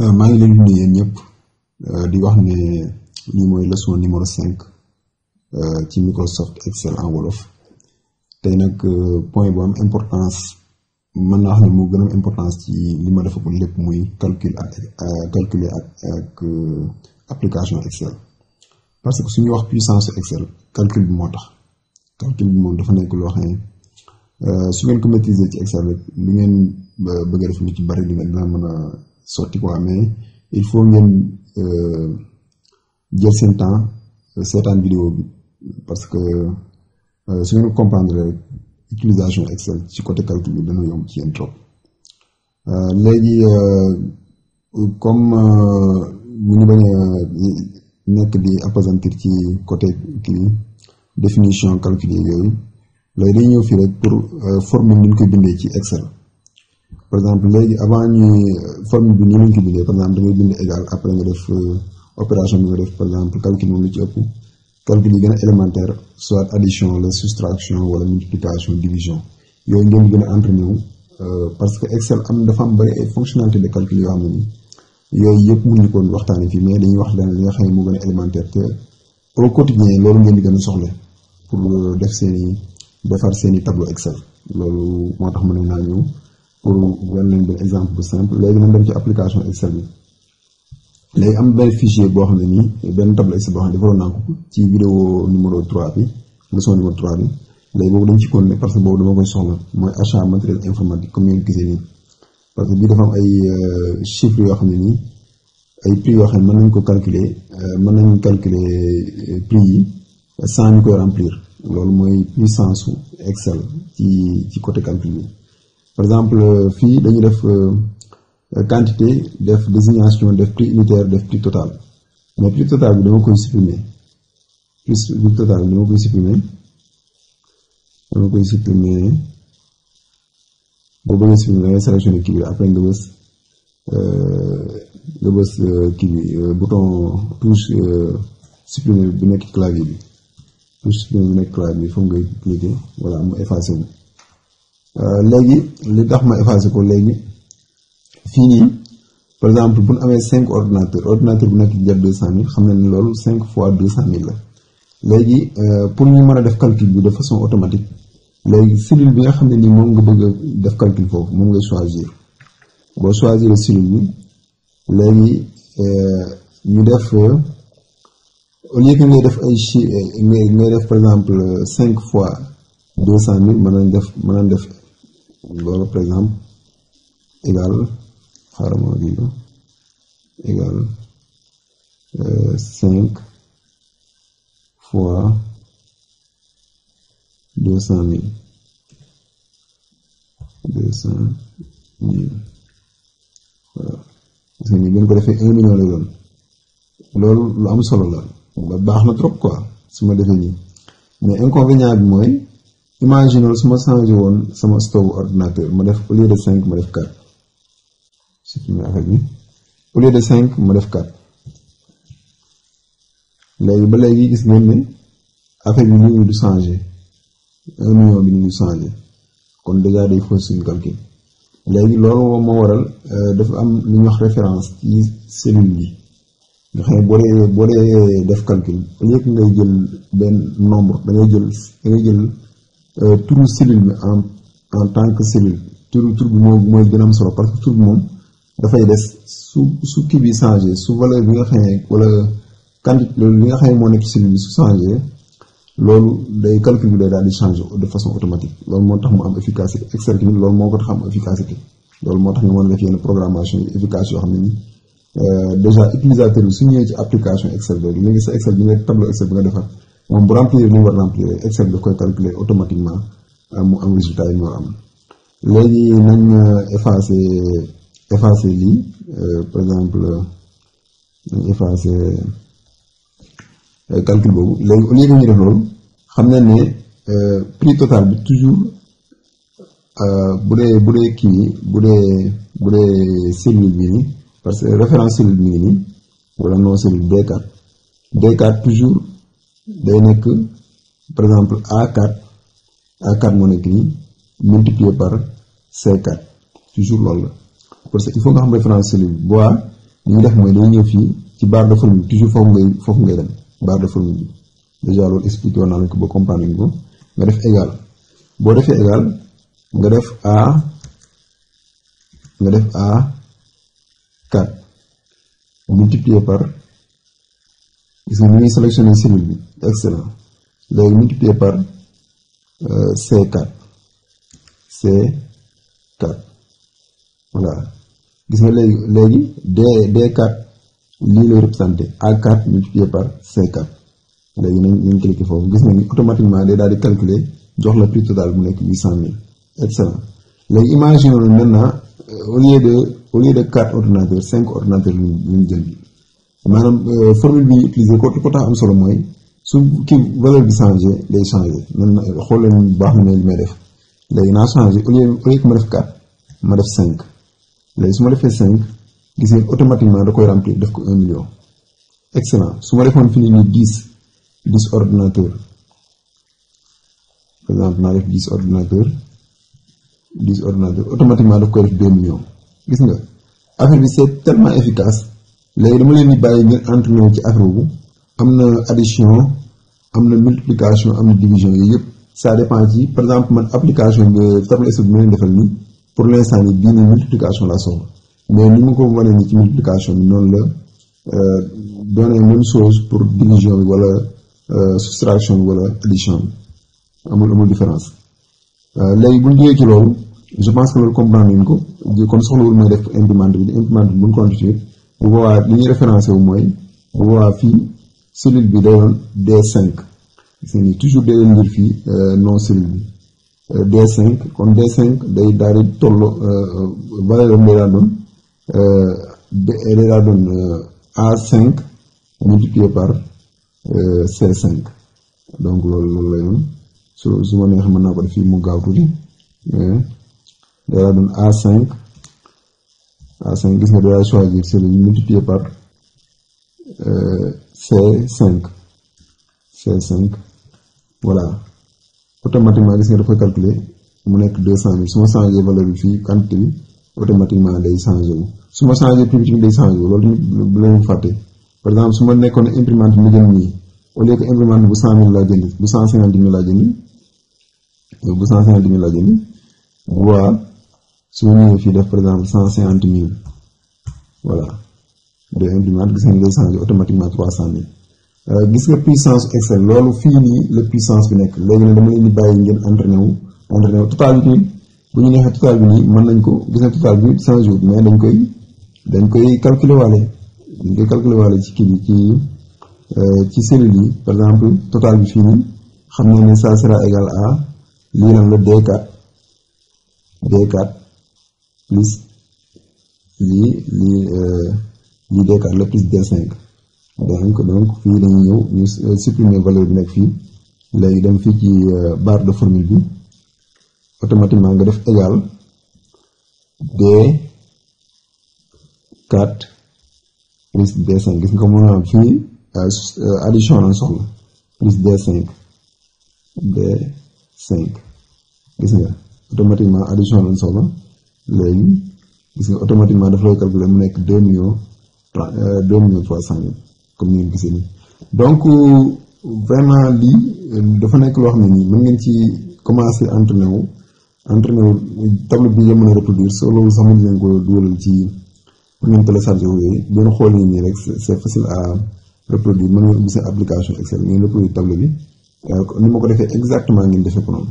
Euh, maa ngi leen di nuyu yéen euh, di wax ne lii mooy leçon numéro cinq euh, ci Microsoft Excel en wolof tey nag point boo am importance mën na wax ne moo gën a importance ci li ma defagul lépp muy calcul ak calculer ak ak application Excel parce que suñuy wax puissance Excel calcul bi moo tax calcul bi moom dafa nekk loo xam ne su ngeen ko ci Excel rek lu ngeen bëgg a def lu ci bari dina mën a. sotti quoi amee il faut ngeen euh, jël seen temps euh, seetaan vidéo bi parce que euh, su ngeen comprendre rek utilisation Excel ci côté calcul bi dana yomb ci yéen trop léegi comme mu ngi bañ a nekk di appesantir ci côté kii définition calcul yooyu léegi dañu ñëw fii rek pour formule ni ñu koy bindee ci Excel. par exemple léegi avant ñuy formule bi nii par exemple da ngay bind égal après nga def euh, opération bi nga def par exemple calcul moom lu ci ëpp calcul yi gën euh, que Excel am dafa am bëri yoo xam ne nii yooyu yëpp mënuñu ko waxtaanee fii mais dañuy wax leneen li xam ne moo gën a élémentaire te au quotidien loolu ngeen di gën a soxla pour euh, def seen i defar seen i tableau Excel loolu moo tax mën naa ñëw. pour wan leen benn exemple bu simple léegi nañ dem ci application Excel bi léegi am benn fichier boo xam ne nii benn tableau si boo xam ne defaroon naa ko ci vidéo numéro 3 bi leçon numéro 3 bi léegi boobu dañ ci continuer parce que boobu dama koy soxla mooy achat matériel informatique comme ni nga gisee nii parce que bii dafa am ay euh, chiffres yoo xam ne nii ay prix yoo xam mën nañ ko calculer euh, mën nañ calculer euh, prix yi sans ñu koy remplir loolu mooy puissance su Excel ci ci côté bi. par exemple euh, fii dañu def euh, euh, quantité def désignation def prix unitaire def prix total mais prix total bi dama koy supprimer prix prix total bi dama koy supprimer boo bëggee supprimer da ngay sélectionner bi après nga bës nga bës bi bouton touche supprimer nekk clavier bi touche supprimer bi nekk clavier bi foofu ngay cliquer voilà mu effacé wu. Euh, léegi li tax ma effacé ko léegi fii nii par exemple bu nu amee cinq ordinateur ordinateur bu nekk di jar deux cent mille xam ne ni loolu cinq fois deux cent mille la léegi euh, pour ñu mën a def calcul bi de façon automatique léegi cellule bi nga xam ne nii moom nga bëgg def calcul foofu moom nga choisir boo choisir cellule bi léegi euh, ñu def au lieu que ngay def ay chi ngay def par exemple cinq fois deux cent mille mën nañ def mën nañ def loolu par exemple égal xaaral ma égal euh, cinq fois deux cent mille deux cent mille voilà parce que ko defee un million lay loolu lu am solo la ba baax na trop quoi su ma defee nii mais inconvénient bi mooy imaginal su ma changé woon sama stowu ordinateur ma def au lieu de cinq ma def quatre supprimer affaire bi au lieu de cinq ma def quatre léegi ba léegi gis ngeen ne affaire bi ñu ngi du changé un million bi ñu ngi changé kon déjà day fausse suñu léegi loolu moo waral euh, dafa am lu ñuy wax référence ci cellule yi nga xam boo dee boo dee def calcul au lieu que ngay jël benn nombre da jël da jël. Euh, turu cellule bi en en tant que cellule turu bi moo mooy gën a am solo parce que tur bi moom dafay des su su kii bi changé su valeur bi nga xam ne wala quantité li nga xam moo nekk cellule bi su changé loolu day calcul bi day daal di de façon automatique loolu moo tax mu am efficacité Excel tamit loolu moo tax am efficacité loolu moo tax ñu mën a def yenn programmation yu efficace yoo xam ne nii euh, déjà utilisateur bi su ñëwee ci application Excel bi nga defar. moom bu remplir ni mu war remplir Excel daf koy calculer automatiquement am résultat yi ñu am léegi nañ euh, effacer effacer lii euh, par exemple nañ effacer euh, boobu léegi au lieu que loolu xam nañ ne prix total bi toujours bu dee bu dee kii bu dee bu dee cellule bi nii parce que référence cellule bi nii wala non cellule D4 D4 toujours. day nekk par exemple A4 A4 moo nekk nii multiplié par C4 toujours loolu la parce que il faut nga xam référence cellule bu baax li ñu def mooy dañuy ñëw fii ci barre de formule toujours foofu ngay foofu ngay dem barre de formule bi déjà loolu expliqué woon naa leen ko ba comprendre ñu ko nga def égal boo defee égal nga def A nga def A4 multiplié par. gis nga ni ñuy sélectionné cellule bi excellent léegi multiplier par C4 euh, C4 voilà gis nga léegi léegi D D4 lii lay représenté A4 multiplié par C4 léegi nañ nañ cliqué foofu gis nga ni automatiquement day daal di calculer jox la prix total bu nekk huit cent mille excellent léegi imagine maintenant euh, au lieu de au de quatre ordinateurs cinq ordinateurs lañ jël bi maanaam euh, formule bi utiliser ko tax am solo mooy su kii valeur bi changé day changé xool leen bu baax ne may def léegi naa changé au lieu ma def 4 ma def 5 léegi su ma defee cinq gis ngeen automatiquement da koy remplir def ko 1 million. excellent su ma defoon fii nii 10 10 ordinateur par exemple naa def 10 ordinateur 10 ordinateur automatiquement daf koy def 2 millions gis nga affaire bi c'est tellement efficace. léegi dama leen di bàyyi ngeen entraîné ci afro bu am na addition am na multiplication am na division yooyu yëpp ça dépend ci par exemple man application bi table Excel bi ma leen defal nii pour l' instant nii bii nii multiplication la soxla mais ni mu ko wanee nii ci multiplication bi noonu la euh, doonee même chose pour division bi wala euh, soustraction bi wala addition bi amul amul différence euh, léegi bu ñu jógee ci loolu je pense que loolu comprendre nañ ko kon soxlawul may def imprimante bi imprimante bu boobaa li ñu référencé wu mooy bu boobaa fii cellule bi day doon D5 gis nga ni toujours doon ngir fii euh, non cellule bi euh, D5 kon D5 day daal di tolloo euh, valeur daal doon day daal doon A5 par C5 donc loolu loolu su su neex mën naa ko def fii mu gaaw tuuti day daal doon A5. à 5 euh, gis nga da ngay choisir c'est le multiplier par C5 c mu nekk 200000 su ma changé valeur bi fii quantité bi automatiquement day changé wu su ma changé prix bi day changé loolu tamit bu leen fàtte par exemple su ma nekkoon imprimante mu jëm nii au lieu que imprimante bu 100000 laa jënd bu 150000 laa jënd bu 150000 laa jënd bu su ma ñëwee fii def par exemple cent cinquante mille voilà day gis ngeen day changé automatiquement trois cent mille euh, gis nga puissance Excel nii la puissance bi nekk léegi nag dama leen di bàyyi ngeen entraîné wu total bi nii bu nañ ko gis nga total bi cent jours dañ koy dañ koy calculer waale dañ koy calculer ci kii ci euh, ci cellules yi par exemple total bi fii nii xam nañ ne ça sera égal à lii lan la D4 D4 plus lii lii euh, lii décart la plus D5 ñëw ñu euh, supprimer bi nekk fii léegi dem fii ci euh, barre de formule bi automatiquement nga def égal D4 plus D5 gis nga mën a fii addition soxla plus d gis nga automatiquement addition lañ soxla léegi gis nga automatiquement dafa lay mu nekk deux millions trois euh, deux millions trois comme ni ngeen gisee nii donc vraiment lii nekk loo xam ne nii mën ngeen ci commencer entraîner wu entraîner wu tableau bi ngeen mën a reproduire soo loolu sax mën ngeen ko dugalal ci pour ngeen télécharger wu yooyu ngeen xool nii nii rek c'est facile à reproduire mën ngeen ubbi seen application Excel ngeen reproduire tableau bi euh, ni ma ko defee exactement ngeen defee ko noonu.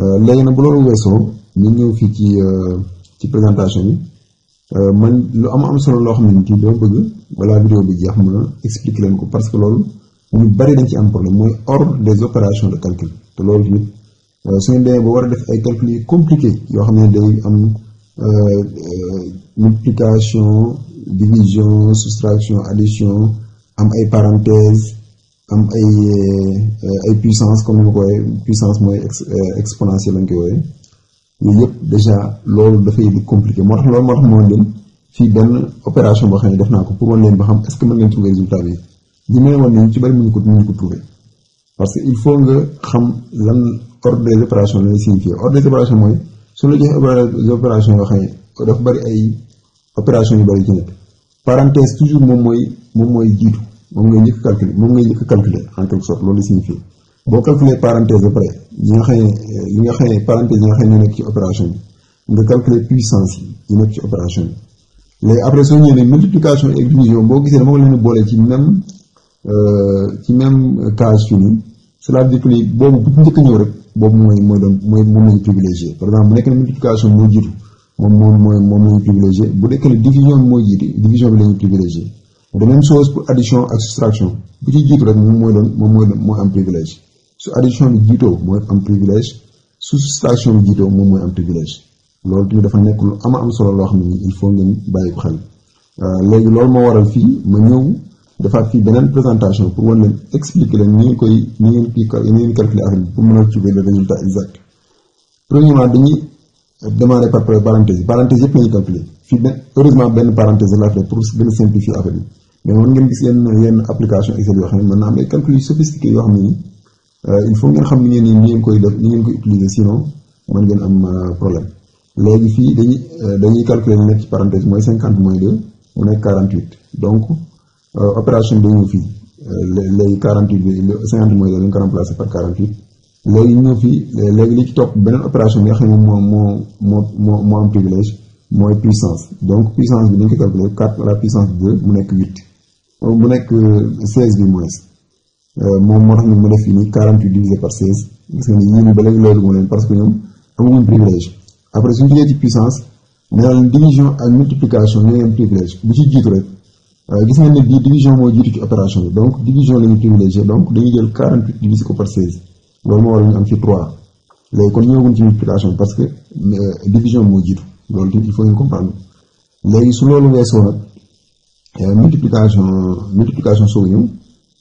Euh, léegi nag bu loolu weesoo ñu ñëw fii ci euh, ci présentation bi euh, man lu am am solo loo xam ne dama bëgg balaa vidéo bi jeex ma explique leen ko parce que loolu ñu bari dañ ci am problème mooy ordre des opérations de calcul te loolu tamit su ngeen demee ba war a def ay calcul compliqué yoo xam ne day am multiplication division soustraction addition am ay parenthèses am ay euh, ay puissance comme ni ma ko waxee puissance mooy ex euh, exponentielle lañ koy wooyee yooyu yëpp déjà loolu dafay di compliqué moo tax loolu moo tax moo leen fii benn opération boo xam ne def naa ko pour mën leen xam est que mën ngeen trouver résultat bi ñu mel woon nañu ci bëri mënuñu ko ko trouver parce que il faut nga xam lan ordre des opérations lay signifier ordre des opérations mooy suñu la joxee opération yoo xam ne dafa bëri ay opération yu bëri ci nekk parenthèse toujours moom mooy moom mooy jiitu. moom ngay njëkk calculer moom ngay njëkk calculer en quelque sorte loolu signifie boo calculer parenthèse ba pare euh, yi nga xamee yi nga xamee nga xam ne nekk ci opération bi nga calculer puissance yi nekk ci opération bi léegi après soo ñëwee multiplication boo gisee dama ko leen boolee ci même euh, ci même case fii nii boobu bu njëkk ñëw rek boobu mooy mooy doon mooy moom lañu privilégié par exemple bu nekkee multiplication moo jiitu moom moom mooy moom lañu privilégié bu division bi moo jiitu division bi lañu privilégié de même chose pour addition ak soustraction bu ci jiitu rek moom mooy doon moom mooy doon mooy am privilège su addition bi jiitoo mooy am privilège su soustraction bi moom mooy am privilège loolu tamit dafa nekk lu ama am solo loo xam ne il faut ngeen bàyyi ko xel euh, léegi loolu moo waral fii ma ñëw defaat fii beneen présentation pour wan leen expliquer leen ni ngeen koy ni ngeen kii ni ngeen calculer affaire bi pour mën a trouver le résultat exact premièrement dañuy démarrer par parenthèse parenthèse yëpp bi mais mën ngeen gis yenn yenn application Excel yoo xam ne ne nii euh, il ngeen xam ni ngeen koy def ni ngeen koy utiliser sinon mën ngeen am euh, problème léegi fii dañuy euh, dañuy calculer nekk ci parenthèse mooy cinquante moins deux mu nekk quarante huit donc opération bi ñëw fii léegi quarante huit bi cinquante moins deux ko par quarante huit léegi ñëw fii li ci topp beneen opération bi xam ne moo moo moo moo moo am privilège mooy puissance donc puissance bi dañ ko calculer quatre à puissance de mu nekk huit Euh, bu nekk euh, seize bi mu des euh, moom moo tax ma def fii nii quarante huit divisé par seize gis nga ni yéen ba léegi parce que ñoom amuñu privilège après suñu jugee ci puissance opération bi donc division la ñu privilégié par seize loolu moo waral ñu am kon ñëwaguñ ci multiplication parce que division moo jiitu loolu tamit il su loolu weesoo nag. Euh, multiplication multiplication soog a ñëw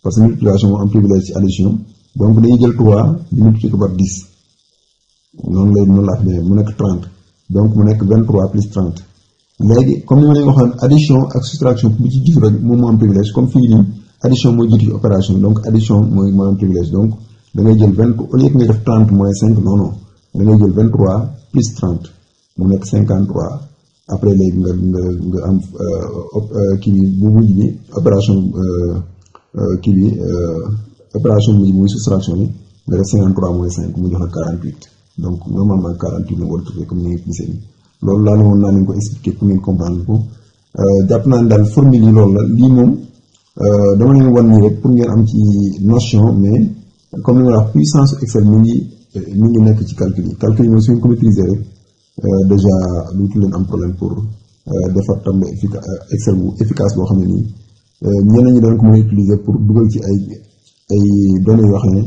parce que multiplication moo am privilège ci addition donc dañuy jël 3 di multiplier par 10 noonu mu nekk 30 donc mu nekk 23 plus 30 léegi comme ni ma leen waxoon addition ak soustraction bu ci jiitu rek moom moo am privilège comme fii nii addition mooy jiitu ci opération donc addition mooy moo am privilège donc da ngay jël 20 au lieu que moins 5 non non da ngay jël 23 plus 30 mu nekk cinquante 53. après léegi nga nga nga am euh, euh, kii bu mujj bi opération euh, kii bi opération mujj muy soustraction bi nga def 53 moins 5 mu jox la 48 donc normalement 48 la war a trouvé comme ni nga gisee nii loolu laa ne woon naa leen ko expliquer pour ngeen comprendre ko jàpp naa ne daal formule yi loolu la lii moom dama leen wan nii rek pour ngeen am ci notion mais comme ni ma la wax puissance Excel mi ngi nekk ci calcul yi calcul yi moom suñ ko maîtriser rek. Euh, dèjà luutu leen am problème pour euh, defar tam effica euh, Excel bu efficace boo xam ne nii ñeneen ñi doon ko mën a utiliser pour dugal ci ay ay yoo xam ne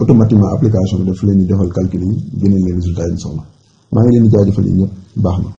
automatiquement application bi daf leen di defal calcul yi génne leen résultat yi ñu soxla maa ngi leen di jaajëfal yi ñëpp baax na.